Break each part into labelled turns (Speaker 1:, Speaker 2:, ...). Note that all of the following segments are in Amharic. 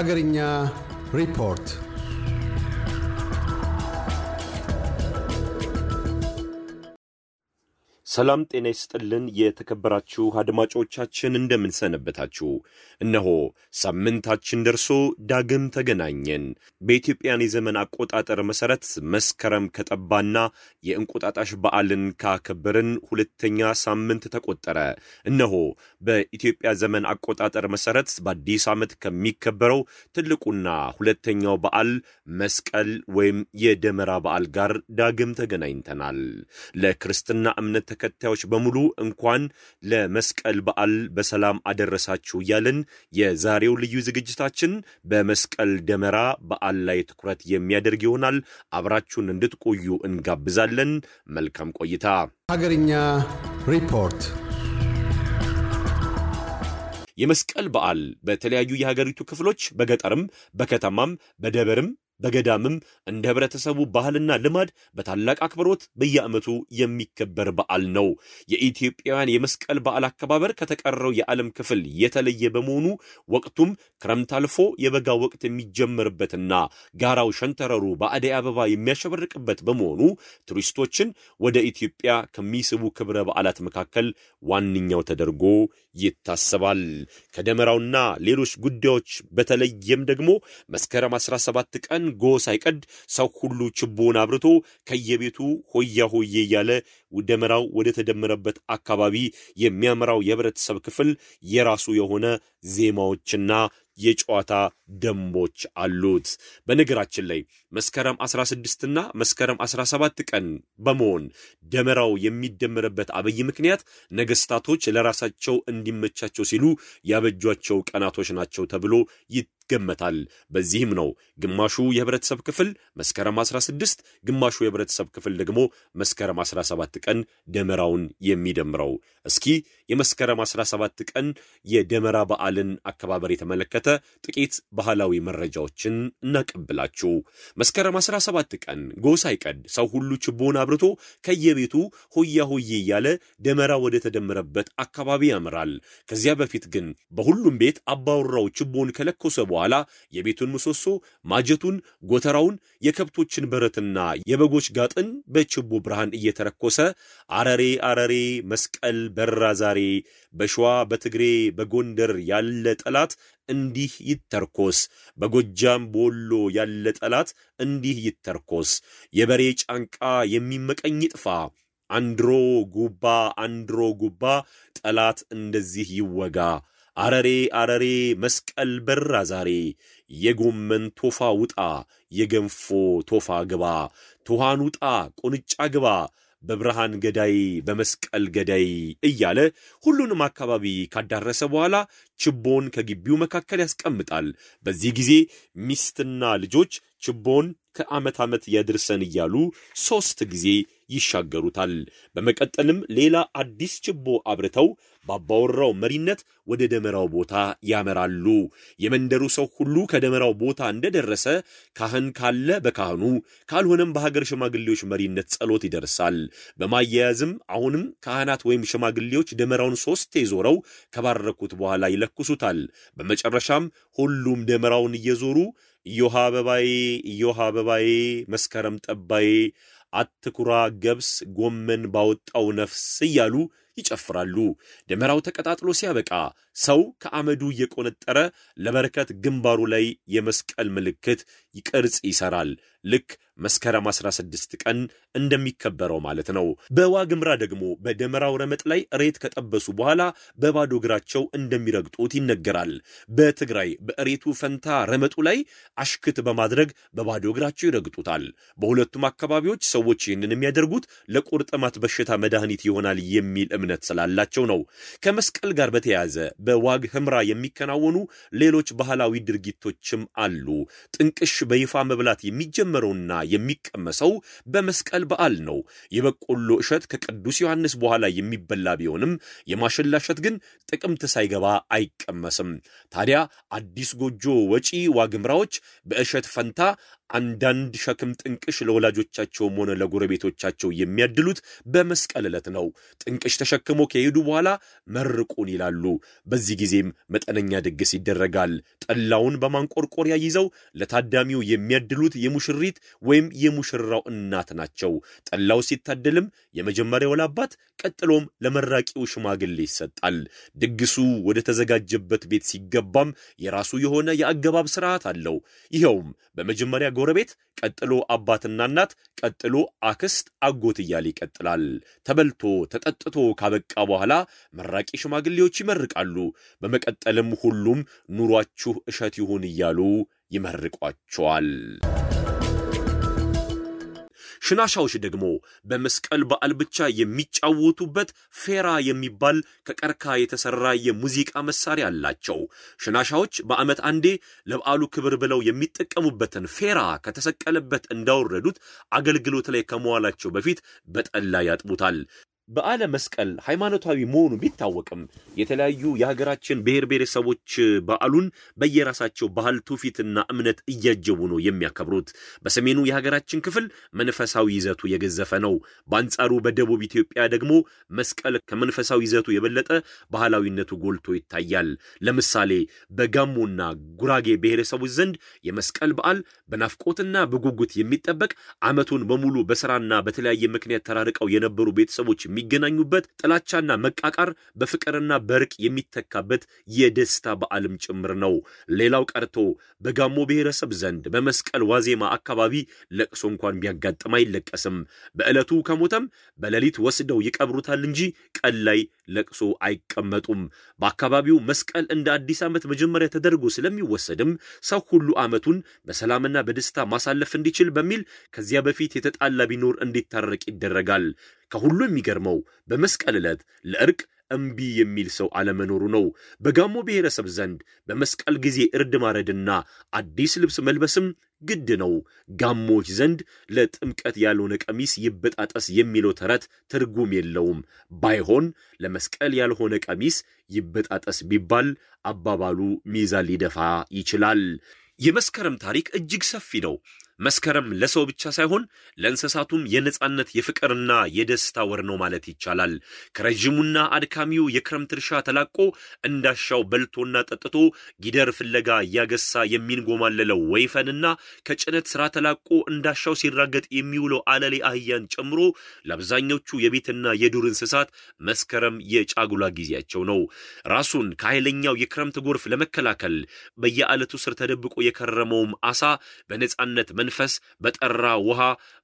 Speaker 1: Hagarinya Report ሰላም ጤና ይስጥልን። የተከበራችሁ አድማጮቻችን እንደምንሰነበታችሁ፣ እነሆ ሳምንታችን ደርሶ ዳግም ተገናኘን። በኢትዮጵያን የዘመን አቆጣጠር መሠረት መስከረም ከጠባና የእንቁጣጣሽ በዓልን ካከበርን ሁለተኛ ሳምንት ተቆጠረ። እነሆ በኢትዮጵያ ዘመን አቆጣጠር መሠረት በአዲስ ዓመት ከሚከበረው ትልቁና ሁለተኛው በዓል መስቀል ወይም የደመራ በዓል ጋር ዳግም ተገናኝተናል። ለክርስትና እምነት ተከ ተከታዮች በሙሉ እንኳን ለመስቀል በዓል በሰላም አደረሳችሁ እያልን የዛሬው ልዩ ዝግጅታችን በመስቀል ደመራ በዓል ላይ ትኩረት የሚያደርግ ይሆናል። አብራችሁን እንድትቆዩ እንጋብዛለን። መልካም ቆይታ። ሀገርኛ ሪፖርት የመስቀል በዓል በተለያዩ የሀገሪቱ ክፍሎች በገጠርም በከተማም በደብርም በገዳምም እንደ ህብረተሰቡ ባህልና ልማድ በታላቅ አክብሮት በየዓመቱ የሚከበር በዓል ነው። የኢትዮጵያውያን የመስቀል በዓል አከባበር ከተቀረው የዓለም ክፍል የተለየ በመሆኑ ወቅቱም ክረምት አልፎ የበጋ ወቅት የሚጀመርበትና ጋራው ሸንተረሩ በአደይ አበባ የሚያሸበርቅበት በመሆኑ ቱሪስቶችን ወደ ኢትዮጵያ ከሚስቡ ክብረ በዓላት መካከል ዋነኛው ተደርጎ ይታሰባል። ከደመራውና ሌሎች ጉዳዮች በተለየም ደግሞ መስከረም 17 ቀን ጎ ሳይቀድ ሰው ሁሉ ችቦውን አብርቶ ከየቤቱ ሆያ ሆዬ እያለ ደመራው ወደ ተደመረበት አካባቢ የሚያመራው የህብረተሰብ ክፍል የራሱ የሆነ ዜማዎችና የጨዋታ ደንቦች አሉት። በነገራችን ላይ መስከረም 16ና መስከረም 17 ቀን በመሆን ደመራው የሚደመርበት አብይ ምክንያት ነገስታቶች ለራሳቸው እንዲመቻቸው ሲሉ ያበጇቸው ቀናቶች ናቸው ተብሎ ይገመታል። በዚህም ነው ግማሹ የህብረተሰብ ክፍል መስከረም 16፣ ግማሹ የህብረተሰብ ክፍል ደግሞ መስከረም 17 ቀን ደመራውን የሚደምረው። እስኪ የመስከረም 17 ቀን የደመራ በዓልን አከባበር የተመለከተ ጥቂት ባህላዊ መረጃዎችን እናቀብላችሁ። መስከረም 17 ቀን ጎሳ ይቀድ ሰው ሁሉ ችቦን አብርቶ ከየቤቱ ሆያ ሆዬ እያለ ደመራ ወደ ተደመረበት አካባቢ ያምራል። ከዚያ በፊት ግን በሁሉም ቤት አባወራው ችቦን ከለኮሰ በኋላ በኋላ የቤቱን ምሰሶ፣ ማጀቱን፣ ጎተራውን፣ የከብቶችን በረትና የበጎች ጋጥን በችቦ ብርሃን እየተረኮሰ አረሬ አረሬ መስቀል በራ ዛሬ፣ በሸዋ በትግሬ በጎንደር ያለ ጠላት እንዲህ ይተርኮስ፣ በጎጃም በወሎ ያለ ጠላት እንዲህ ይተርኮስ፣ የበሬ ጫንቃ የሚመቀኝ ጥፋ አንድሮ ጉባ አንድሮ ጉባ ጠላት እንደዚህ ይወጋ አረሬ አረሬ መስቀል በራ ዛሬ የጎመን ቶፋ ውጣ የገንፎ ቶፋ ግባ ቶሃን ውጣ ቁንጫ ግባ በብርሃን ገዳይ በመስቀል ገዳይ እያለ ሁሉንም አካባቢ ካዳረሰ በኋላ ችቦን ከግቢው መካከል ያስቀምጣል። በዚህ ጊዜ ሚስትና ልጆች ችቦን ከዓመት ዓመት ያድርሰን እያሉ ሦስት ጊዜ ይሻገሩታል። በመቀጠልም ሌላ አዲስ ችቦ አብርተው ባባወራው መሪነት ወደ ደመራው ቦታ ያመራሉ። የመንደሩ ሰው ሁሉ ከደመራው ቦታ እንደደረሰ ካህን ካለ በካህኑ ካልሆነም በሀገር ሽማግሌዎች መሪነት ጸሎት ይደርሳል። በማያያዝም አሁንም ካህናት ወይም ሽማግሌዎች ደመራውን ሶስቴ ዞረው ከባረኩት በኋላ ይለኩሱታል። በመጨረሻም ሁሉም ደመራውን እየዞሩ እዮሃ አበባዬ፣ ኢዮሃ አበባዬ፣ መስከረም ጠባዬ አትኩራ ገብስ ጎመን ባወጣው ነፍስ እያሉ ይጨፍራሉ። ደመራው ተቀጣጥሎ ሲያበቃ ሰው ከአመዱ እየቆነጠረ ለበረከት ግንባሩ ላይ የመስቀል ምልክት ቅርጽ ይሰራል። ልክ መስከረም 16 ቀን እንደሚከበረው ማለት ነው። በዋግምራ ደግሞ በደመራው ረመጥ ላይ እሬት ከጠበሱ በኋላ በባዶ እግራቸው እንደሚረግጡት ይነገራል። በትግራይ በእሬቱ ፈንታ ረመጡ ላይ አሽክት በማድረግ በባዶ እግራቸው ይረግጡታል። በሁለቱም አካባቢዎች ሰዎች ይህንን የሚያደርጉት ለቁርጥማት በሽታ መድኃኒት ይሆናል የሚል እምነት እምነት ስላላቸው ነው። ከመስቀል ጋር በተያያዘ በዋግ ህምራ የሚከናወኑ ሌሎች ባህላዊ ድርጊቶችም አሉ። ጥንቅሽ በይፋ መብላት የሚጀመረውና የሚቀመሰው በመስቀል በዓል ነው። የበቆሎ እሸት ከቅዱስ ዮሐንስ በኋላ የሚበላ ቢሆንም የማሸላ እሸት ግን ጥቅምት ሳይገባ አይቀመስም። ታዲያ አዲስ ጎጆ ወጪ ዋግ ህምራዎች በእሸት ፈንታ አንዳንድ ሸክም ጥንቅሽ ለወላጆቻቸውም ሆነ ለጎረቤቶቻቸው የሚያድሉት በመስቀል ዕለት ነው። ጥንቅሽ ተሸክሞ ከሄዱ በኋላ መርቁን ይላሉ። በዚህ ጊዜም መጠነኛ ድግስ ይደረጋል። ጠላውን በማንቆርቆሪያ ይዘው ለታዳሚው የሚያድሉት የሙሽሪት ወይም የሙሽራው እናት ናቸው። ጠላው ሲታደልም የመጀመሪያው ለአባት ቀጥሎም ለመራቂው ሽማግሌ ይሰጣል። ድግሱ ወደ ተዘጋጀበት ቤት ሲገባም የራሱ የሆነ የአገባብ ስርዓት አለው። ይኸውም በመጀመሪያ ጎረቤት፣ ቀጥሎ አባትና እናት፣ ቀጥሎ አክስት፣ አጎት እያለ ይቀጥላል። ተበልቶ ተጠጥቶ ካበቃ በኋላ መራቂ ሽማግሌዎች ይመርቃሉ። በመቀጠልም ሁሉም ኑሯችሁ እሸት ይሁን እያሉ ይመርቋቸዋል። ሽናሻዎች ደግሞ በመስቀል በዓል ብቻ የሚጫወቱበት ፌራ የሚባል ከቀርካ የተሰራ የሙዚቃ መሳሪያ አላቸው። ሽናሻዎች በዓመት አንዴ ለበዓሉ ክብር ብለው የሚጠቀሙበትን ፌራ ከተሰቀለበት እንዳወረዱት አገልግሎት ላይ ከመዋላቸው በፊት በጠላ ያጥቡታል። በዓለ መስቀል ሃይማኖታዊ መሆኑ ቢታወቅም የተለያዩ የሀገራችን ብሔር ብሔረሰቦች በዓሉን በየራሳቸው ባህል ትውፊትና እምነት እያጀቡ ነው የሚያከብሩት። በሰሜኑ የሀገራችን ክፍል መንፈሳዊ ይዘቱ የገዘፈ ነው። በአንጻሩ በደቡብ ኢትዮጵያ ደግሞ መስቀል ከመንፈሳዊ ይዘቱ የበለጠ ባህላዊነቱ ጎልቶ ይታያል። ለምሳሌ በጋሞና ጉራጌ ብሔረሰቦች ዘንድ የመስቀል በዓል በናፍቆትና በጉጉት የሚጠበቅ ዓመቱን በሙሉ በስራና በተለያየ ምክንያት ተራርቀው የነበሩ ቤተሰቦች የሚገናኙበት፣ ጥላቻና መቃቃር በፍቅርና በእርቅ የሚተካበት የደስታ በዓልም ጭምር ነው። ሌላው ቀርቶ በጋሞ ብሔረሰብ ዘንድ በመስቀል ዋዜማ አካባቢ ለቅሶ እንኳን ቢያጋጥም አይለቀስም። በዕለቱ ከሞተም በሌሊት ወስደው ይቀብሩታል እንጂ ቀን ላይ ለቅሶ አይቀመጡም። በአካባቢው መስቀል እንደ አዲስ ዓመት መጀመሪያ ተደርጎ ስለሚወሰድም ሰው ሁሉ ዓመቱን በሰላምና በደስታ ማሳለፍ እንዲችል በሚል ከዚያ በፊት የተጣላ ቢኖር እንዲታረቅ ይደረጋል። ከሁሉ የሚገርመው በመስቀል ዕለት ለእርቅ እምቢ የሚል ሰው አለመኖሩ ነው። በጋሞ ብሔረሰብ ዘንድ በመስቀል ጊዜ እርድ ማረድና አዲስ ልብስ መልበስም ግድ ነው። ጋሞች ዘንድ ለጥምቀት ያልሆነ ቀሚስ ይበጣጠስ የሚለው ተረት ትርጉም የለውም። ባይሆን ለመስቀል ያልሆነ ቀሚስ ይበጣጠስ ቢባል አባባሉ ሚዛን ሊደፋ ይችላል። የመስከረም ታሪክ እጅግ ሰፊ ነው። መስከረም ለሰው ብቻ ሳይሆን ለእንስሳቱም የነጻነት የፍቅርና የደስታ ወር ነው ማለት ይቻላል። ከረዥሙና አድካሚው የክረምት እርሻ ተላቆ እንዳሻው በልቶና ጠጥቶ ጊደር ፍለጋ እያገሳ የሚንጎማለለው ወይፈንና ከጭነት ስራ ተላቆ እንዳሻው ሲራገጥ የሚውለው አለሌ አህያን ጨምሮ ለአብዛኞቹ የቤትና የዱር እንስሳት መስከረም የጫጉላ ጊዜያቸው ነው። ራሱን ከኃይለኛው የክረምት ጎርፍ ለመከላከል በየዓለቱ ስር ተደብቆ የከረመውም አሳ በነጻነት መንፈስ በጠራ ውሃ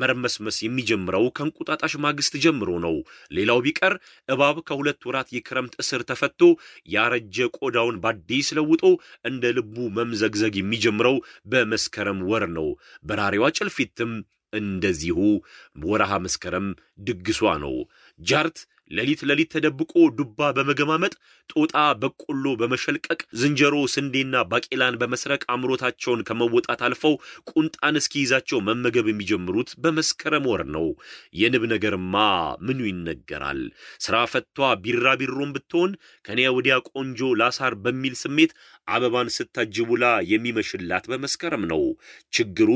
Speaker 1: መርመስመስ የሚጀምረው ከእንቁጣጣሽ ማግስት ጀምሮ ነው። ሌላው ቢቀር እባብ ከሁለት ወራት የክረምት እስር ተፈቶ ያረጀ ቆዳውን በአዲስ ለውጦ እንደ ልቡ መምዘግዘግ የሚጀምረው በመስከረም ወር ነው። በራሪዋ ጭልፊትም እንደዚሁ ወርሃ መስከረም ድግሷ ነው። ጃርት ሌሊት ሌሊት ተደብቆ ዱባ በመገማመጥ ጦጣ በቆሎ በመሸልቀቅ ዝንጀሮ ስንዴና ባቄላን በመስረቅ አምሮታቸውን ከመወጣት አልፈው ቁንጣን እስኪይዛቸው መመገብ የሚጀምሩት በመስከረም ወር ነው። የንብ ነገርማ ምኑ ይነገራል። ስራ ፈቷ ቢራቢሮም ብትሆን ከኔያ ወዲያ ቆንጆ ላሳር በሚል ስሜት አበባን ስታጅቡላ የሚመሽላት በመስከረም ነው። ችግሩ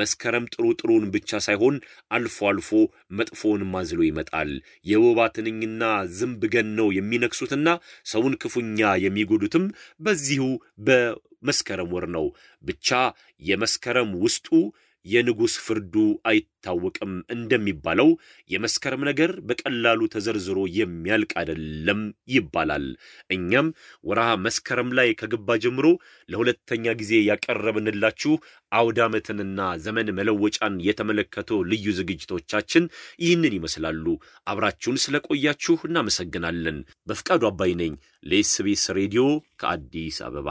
Speaker 1: መስከረም ጥሩ ጥሩን ብቻ ሳይሆን አልፎ አልፎ መጥፎውን ማዝሎ ይመጣል። የወባትን ነኝና ዝንብ ገነው የሚነክሱትና ሰውን ክፉኛ የሚጎዱትም በዚሁ በመስከረም ወር ነው። ብቻ የመስከረም ውስጡ የንጉሥ ፍርዱ አይታወቅም እንደሚባለው የመስከረም ነገር በቀላሉ ተዘርዝሮ የሚያልቅ አይደለም ይባላል። እኛም ወርሃ መስከረም ላይ ከገባ ጀምሮ ለሁለተኛ ጊዜ ያቀረብንላችሁ አውደ ዓመትንና ዘመን መለወጫን የተመለከቱ ልዩ ዝግጅቶቻችን ይህንን ይመስላሉ። አብራችሁን ስለቆያችሁ እናመሰግናለን። በፍቃዱ አባይ ነኝ ለኤስቢኤስ ሬዲዮ ከአዲስ አበባ